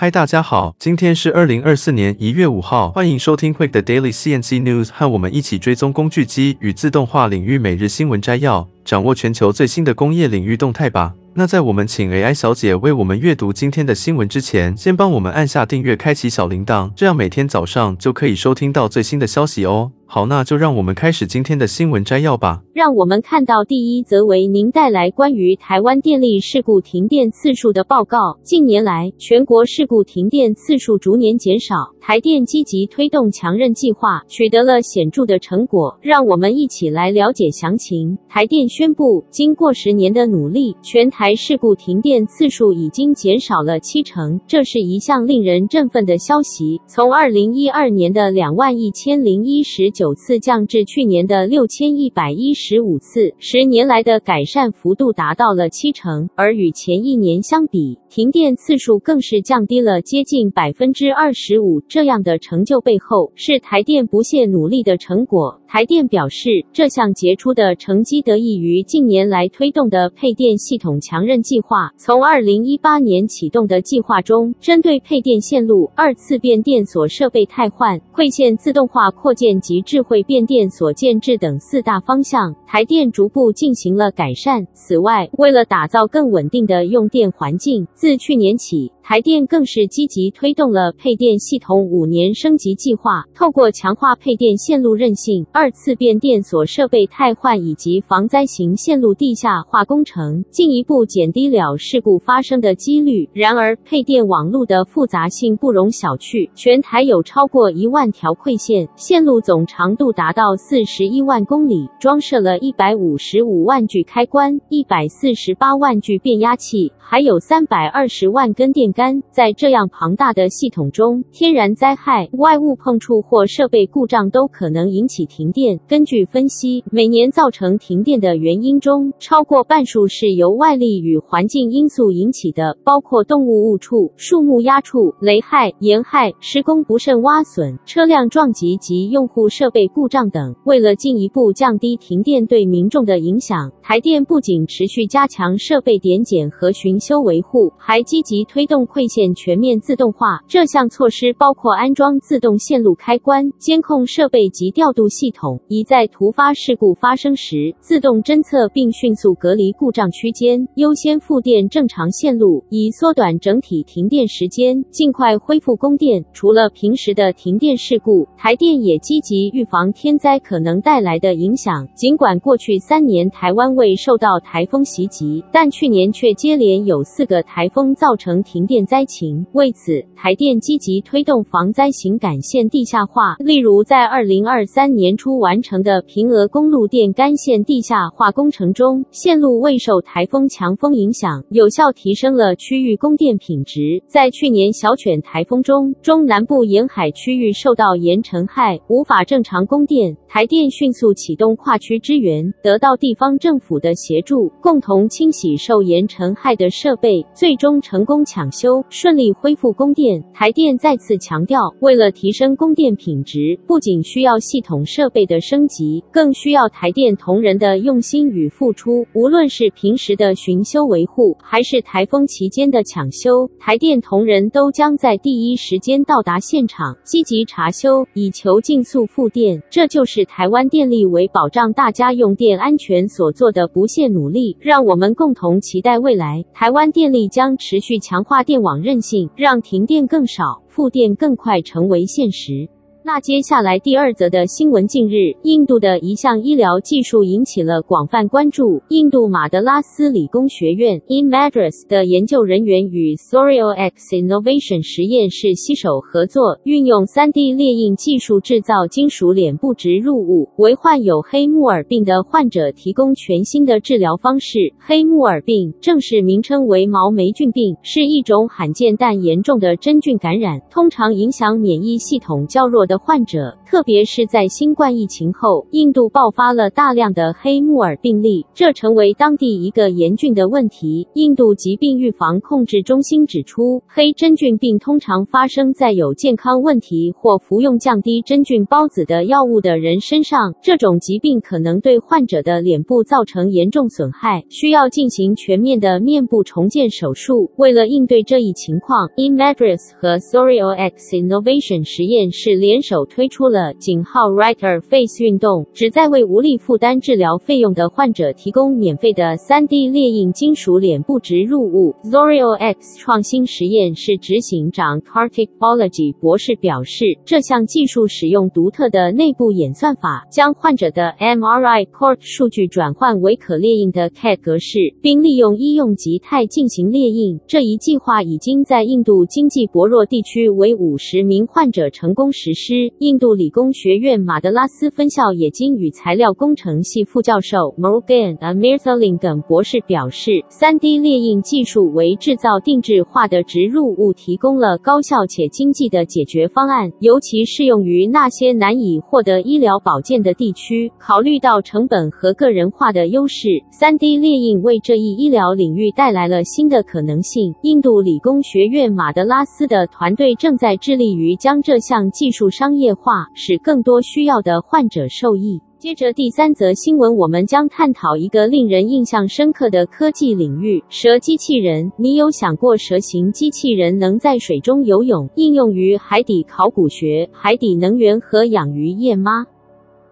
嗨，Hi, 大家好，今天是二零二四年一月五號，歡迎收聽 TCMIC 的 Daily CNC News，和我們一起追蹤工具機與自動化領域每日新聞摘要。掌握全球最新的工業領域動態吧。那在我們請 AI 小姐為我們閱讀今天的新聞之前，先幫我們按下訂閱，開啟小鈴鐺，這樣每天早上就可以收聽到最新的消息哦。好，那就讓我們開始今天的新聞摘要吧。讓我們看到第一則，為您帶來關於台灣電力事故停電次數的報告。近年來，全國事故停電次數逐年減少，台電積極推動強韌計劃，取得了顯著的成果。讓我們一起來了解詳情。台電。宣布，經過十年的努力，全台事故停電次數已經減少了七成，這是一項令人振奮的消息。從二零一二年的兩萬一千零一十九次降至去年的六千一百一十五次，十年來的改善幅度達到了七成，而與前一年相比，停電次數更是降低了接近百分之二十五。這樣的成就背後是台電不懈努力的成果。台電表示，這項傑出的成績得益於。於近年來推動的配電系統強韌計劃，從2018年啟動的計劃中，針對配電線路、二次變電所設備汰換、饋線自動化擴建及智慧變電所建制等四大方向，台電逐步進行了改善。此外，為了打造更穩定的用電環境，自去年起，台電更是積極推動了配電系統五年升級計劃，透過強化配電線路韌性、二次變電所設備汰換以及防災型線路地下化工程，進一步減低了事故發生的幾率。然而，配電網絡的複雜性不容小覷，全台有超過一萬條饋線，線路總長度達到四十一萬公里，裝設了一百五十五萬具開關、一百四十八萬具變壓器，還有三百二十萬根電。在這樣龐大的系統中，天然災害、外物碰觸或設備故障都可能引起停電。根據分析，每年造成停電的原因中，超過半數是由外力與環境因素引起的，包括動物誤觸、樹木壓觸、雷害、鹽害、施工不慎挖損、車輛撞擊及用戶設備故障等。為了進一步降低停電對民眾的影響，台電不僅持續加強設備點檢和巡修維護，還積極推動。饋線全面自動化。這項措施包括安裝自動線路開關、監控設備及調度系統，以在突發事故發生時自動偵測並迅速隔離故障區間，優先復電正常線路，以縮短整體停電時間，盡快恢復供電。除了平時的停電事故，台電也積極預防天災可能帶來的影響。盡管過去三年台灣未受到台風襲擊，但去年卻接連有四個台風造成停電。災情。為此，台電積極推動防災型幹線地下化，例如，在二零二三年初完成的屏鵝公路電幹線地下化工程中，線路未受台風強風影響，有效提升了區域供電品質。在去年小犬台風中，中南部沿海區域受到鹽塵害，無法正常供電，台電迅速啟動跨區支援，得到地方政府的協助，共同清洗受鹽塵害的設備，最終成功搶修，修順利恢復供電。台電再次強調，為了提升供電品質，不僅需要系統設備的升級，更需要台電同仁的用心與付出。無論是平時的巡修維護，還是台風期間的搶修，台電同仁都將在第一時間到達現場，積極查修，以求儘速復電。這就是台灣電力為保障大家用電安全所做的不懈努力。讓我們共同期待未來，台灣電力將持續強化。電網韌性，讓停電更少、復電更快成為現實。那接下來第二則的新聞，近日印度的一項醫療技術引起了廣泛關注。印度馬德拉斯理工學院 （In Madras） 的研究人員與 ZorioX Innovation 實驗室攜手合作，運用 3D 列印技術製造金屬臉部植入物，為患有黑木耳病的患者提供全新的治療方式。黑木耳病正式名稱為毛霉菌病，是一種罕見但嚴重的真菌感染，通常影響免疫系統較弱的。患者。特別是在新冠疫情後，印度爆發了大量的黑木耳病例，這成為當地一個嚴峻的問題。印度疾病預防控制中心指出，黑真菌病通常發生在有健康問題或服用降低真菌孢子的藥物的人身上。這種疾病可能對患者的臉部造成嚴重損害，需要進行全面的面部重建手術。為了應對這一情況，IIT Madras 和 ZorioX Innovation 實驗室聯手推出了。的井號 Right2face 運動，旨在為無力負擔治療費用的患者提供免費的 3D 列印金屬臉部植入物。ZorioX 創新實驗室執行長 Cartikbology 博士表示，這項技術使用獨特的內部演算法，將患者的 MRI port 數據轉換為可列印的 CAD 格式，並利用醫用級鈦進行列印。這一計劃已經在印度經濟薄弱地區為五十名患者成功實施。印度里。理工學院馬德拉斯分校冶金與材料工程系副教授 Morgan Amirthaling 等博士表示，3D 列印技術為制造定制化的植入物提供了高效且經濟的解決方案，尤其適用於那些難以獲得醫療保健的地區。考慮到成本和個人化的優勢，3D 列印為這一醫療領域帶來了新的可能性。印度理工學院馬德拉斯的團隊正在致力於將這項技術商業化。使更多需要的患者受益。接着第三則新聞，我們將探討一個令人印象深刻的科技領域——蛇機器人。你有想過蛇形機器人能在水中游泳，應用於海底考古學、海底能源和養魚業嗎？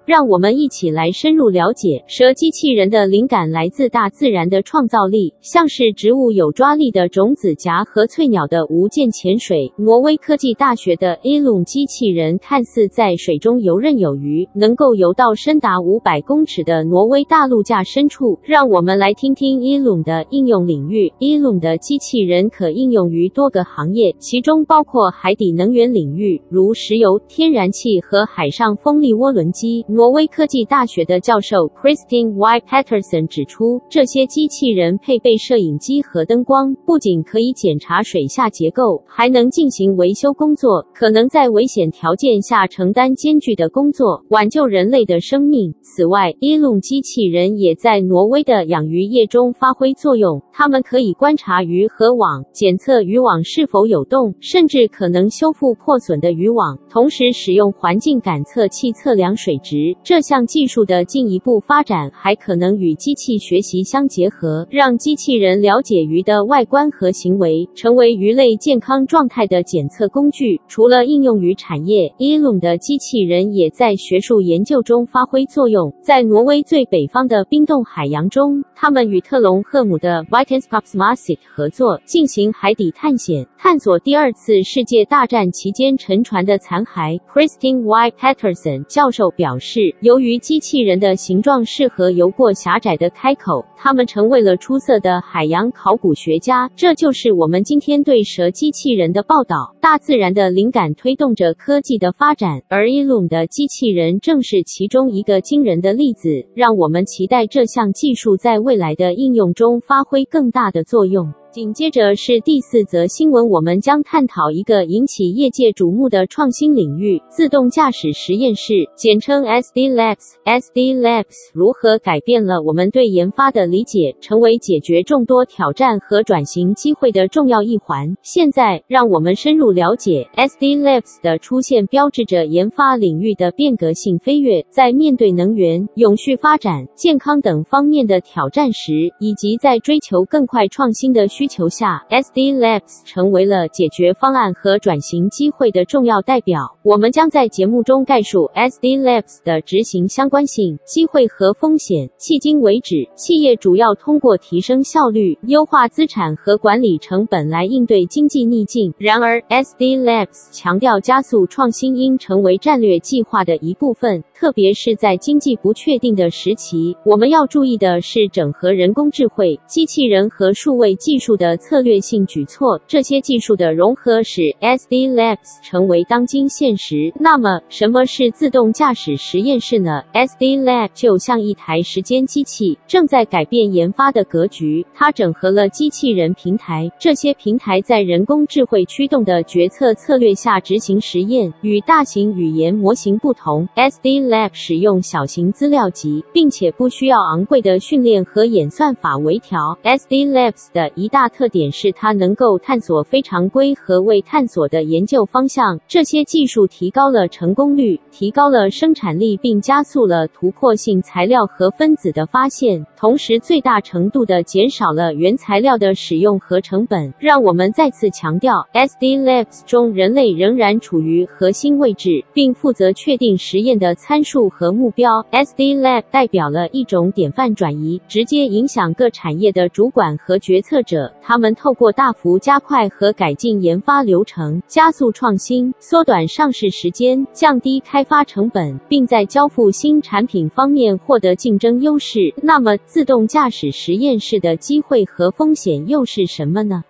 讓我們一起來深入了解蛇機器人的靈感來自大自然的創造力，像是植物有抓力的種子莢和翠鳥的無間潛水。挪威科技大學的 Eelume 機器人看似在水中游刃有餘，能夠游到深達五百公尺的挪威大陸架深處。讓我們來聽聽 Eelume 的應用領域。Eelume 的機器人可應用於多個行業，其中包括海底能源領域，如石油、天然氣和海上風力渦輪機。挪威科技大學的教授 Christine Y. Patterson 指出，這些機器人配備攝影機和燈光，不僅可以檢查水下結構，還能進行維修工作，可能在危險條件下承擔艱巨的工作，挽救人類的生命。此外，Eelume 機器人也在挪威的養魚業中發揮作用，它們可以觀察魚和網，檢測漁網是否有洞，甚至可能修復破損的漁網，同時使用環境感測器測量水質。這項技術的進一步發展還可能與機器學習相結合，讓機器人了解魚的外觀和行為，成為魚類健康狀態的檢測工具。除了應用於產業，Eelume 的機器人也在學術研究中發揮作用。在挪威最北方的冰凍海洋中，他們與特隆赫姆的 Vitenskapsmuseet 合作進行海底探險，探索第二次世界大戰期間沉船的殘骸。Christine Y. Patterson 教授表示。是由於機器人的形狀適合游過狹窄的開口，他們成為了出色的海洋考古學家。這就是我們今天對蛇機器人的報道。大自然的靈感推動着科技的發展，而 Eelume 的機器人正是其中一個驚人的例子。讓我們期待這項技術在未來的應用中發揮更大的作用。緊接着是第四則新聞，我們將探討一個引起業界矚目的創新領域——自動駕駛實驗室，簡稱 SD Labs。SD Labs 如何改變了我們對研發的理解，成為解決眾多挑戰和轉型機會的重要一環。現在，讓我們深入了解 SD Labs 的出現標誌着研發領域的變革性飛躍，在面對能源、永續發展、健康等方面的挑戰時，以及在追求更快創新的需求需求下，SD Labs 成為了解決方案和轉型機會的重要代表。我們將在節目中概述 SD Labs 的執行相關性、機會和風險。迄今為止，企業主要通過提升效率、優化資產和管理成本來應對經濟逆境。然而，SD Labs 強調，加速創新應成為戰略計劃的一部分。特別是在經濟不確定的時期，我們要注意的是整合人工智慧、機器人和數位技術的策略性舉措。這些技術的融合使 SD Labs 成為當今現實。那麼，什麼是自動駕駛實驗室呢？SD Lab 就像一台時間機器，正在改變研發的格局。它整合了機器人平台，這些平台在人工智慧驅動的決策策略下執行實驗。與大型語言模型不同，SD Lab Labs 使用小型資料集，並且不需要昂貴的訓練和演算法微調。SD Labs 的一大特點是它能夠探索非常規和未探索的研究方向。這些技術提高了成功率，提高了生產力，並加速了突破性材料和分子的發現，同時最大程度地減少了原材料的使用和成本。讓我們再次強調，SD Labs 中人類仍然處於核心位置，並負責確定實驗的參。參數和目標。SD Lab 代表了一種典範轉移，直接影響各產業的主管和決策者。他們透過大幅加快和改進研發流程，加速創新，縮短上市時間，降低開發成本，並在交付新產品方面獲得競爭優勢。那麼，自動駕駛實驗室的機會和風險又是什麼呢？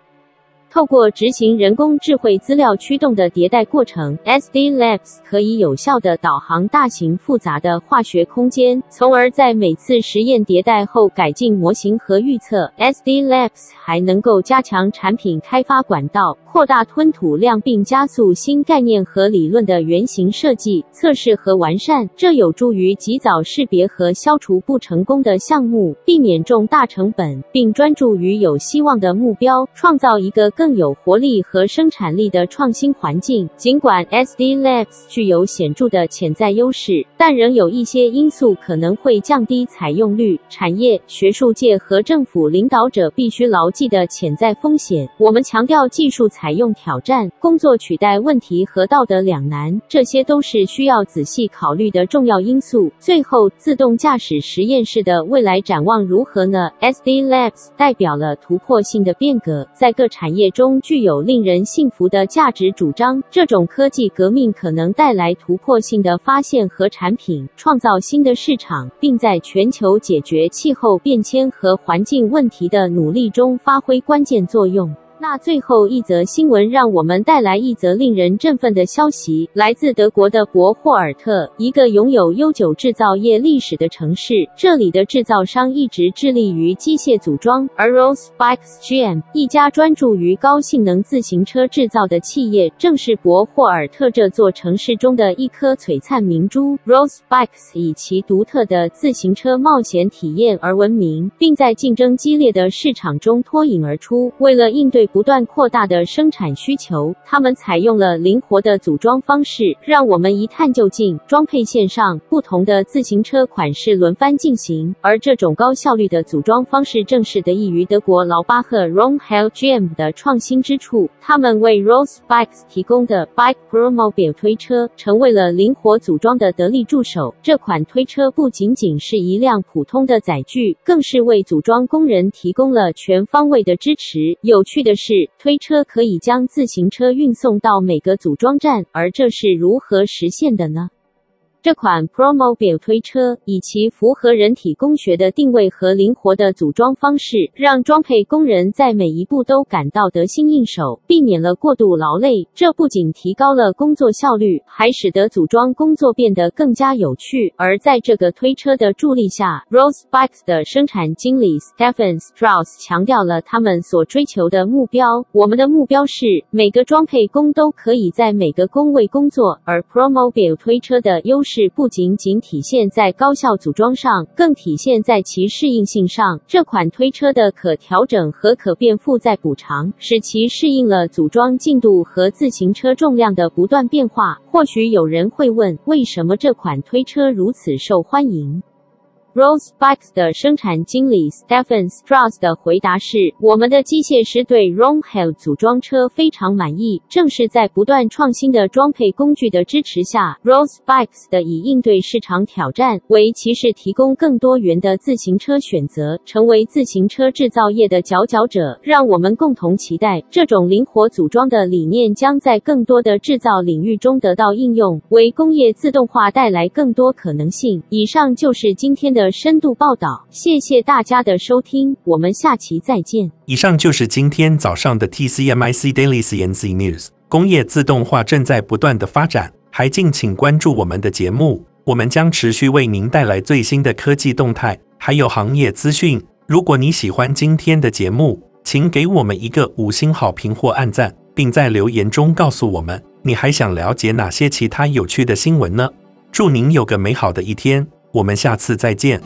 透過執行人工智慧資料驅動的迭代過程，SD Labs 可以有效地導航大型複雜的化學空間，從而在每次實驗迭代後改進模型和預測。SD Labs 還能夠加強產品開發管道，擴大吞吐量，並加速新概念和理論的原型設計、測試和完善。這有助於及早識別和消除不成功的項目，避免重大成本，並專注於有希望的目標，創造一個更。更有活力和生產力的創新環境。儘管 SD Labs 具有顯著的潛在優勢，但仍有一些因素可能會降低採用率。產業、學術界和政府領導者必須牢記的潛在風險。我們強調技術採用挑戰、工作取代問題和道德兩難，這些都是需要仔細考慮的重要因素。最後，自動駕駛實驗室的未來展望如何呢？SD Labs 代表了突破性的變革，在各產業中中具有令人信服的價值主張。這種科技革命可能帶來突破性的發現和產品，創造新的市場，並在全球解決氣候變遷和環境問題的努力中發揮關鍵作用。那最後一則新聞，讓我們帶來一則令人振奮的消息，來自德國的博霍爾特，一個擁有悠久製造業歷史的城市。這裡的製造商一直致力於機械組裝，而 Rose Bikes Gm 一家專注於高性能自行車製造的企業，正是博霍爾特這座城市中的一顆璀璨明珠。Rose Bikes 以其獨特的自行車冒險體驗而聞名，並在競爭激烈的市場中脫穎而出。為了應對不斷擴大的生產需求，他們採用了靈活的組裝方式，讓我們一探究竟。裝配線上不同的自行車款式輪番進行，而這種高效率的組裝方式正是得益於德國勞巴赫 （Rohmahl g m 的創新之處。他們為 Rose Bikes 提供的 Bike Promobile 推車成為了靈活組裝的得力助手。這款推車不僅僅是一輛普通的載具，更是為組裝工人提供了全方位的支持。有趣的。是推車可以將自行車運送到每個組裝站，而這是如何實現的呢？這款 Promobil 推車以其符合人體工學的定位和靈活的組裝方式，讓裝配工人在每一步都感到得心應手，避免了過度勞累。這不僅提高了工作效率，還使得組裝工作變得更加有趣。而在這個推車的助力下，Rose Bikes 的生產經理 Stephan Strauss 強調了他們所追求的目標：“我們的目標是每個裝配工都可以在每個工位工作。”而 Promobil 推車的優勢。是不僅僅體現在高效組裝上，更體現在其適應性上。這款推車的可調整和可變負載補償，使其適應了組裝進度和自行車重量的不斷變化。或許有人會問，為什麼這款推車如此受歡迎？Rose Bikes 的生產經理 Stephan Strauss 的回答是：“我們的機械師對 Roemheld 組裝車非常滿意。正是在不斷創新的裝配工具的支持下，Rose Bikes 的以應對市場挑戰，為騎士提供更多元的自行車選擇，成為自行車製造業的佼佼者。讓我們共同期待，這種靈活組裝的理念將在更多的製造領域中得到應用，為工業自動化帶來更多可能性。”以上就是今天的。深度報道，謝謝大家的收聽，我們下期再見。以上就是今天早上的 TCMIC Daily CNC News。工業自動化正在不斷的發展，還敬請關注我們的節目，我們將持續為您帶來最新的科技動態，還有行業資訊。如果你喜歡今天的節目，請給我們一個五星好評或按讚，並在留言中告訴我們你還想了解哪些其他有趣的新聞呢？祝您有個美好的一天。我們下次再見。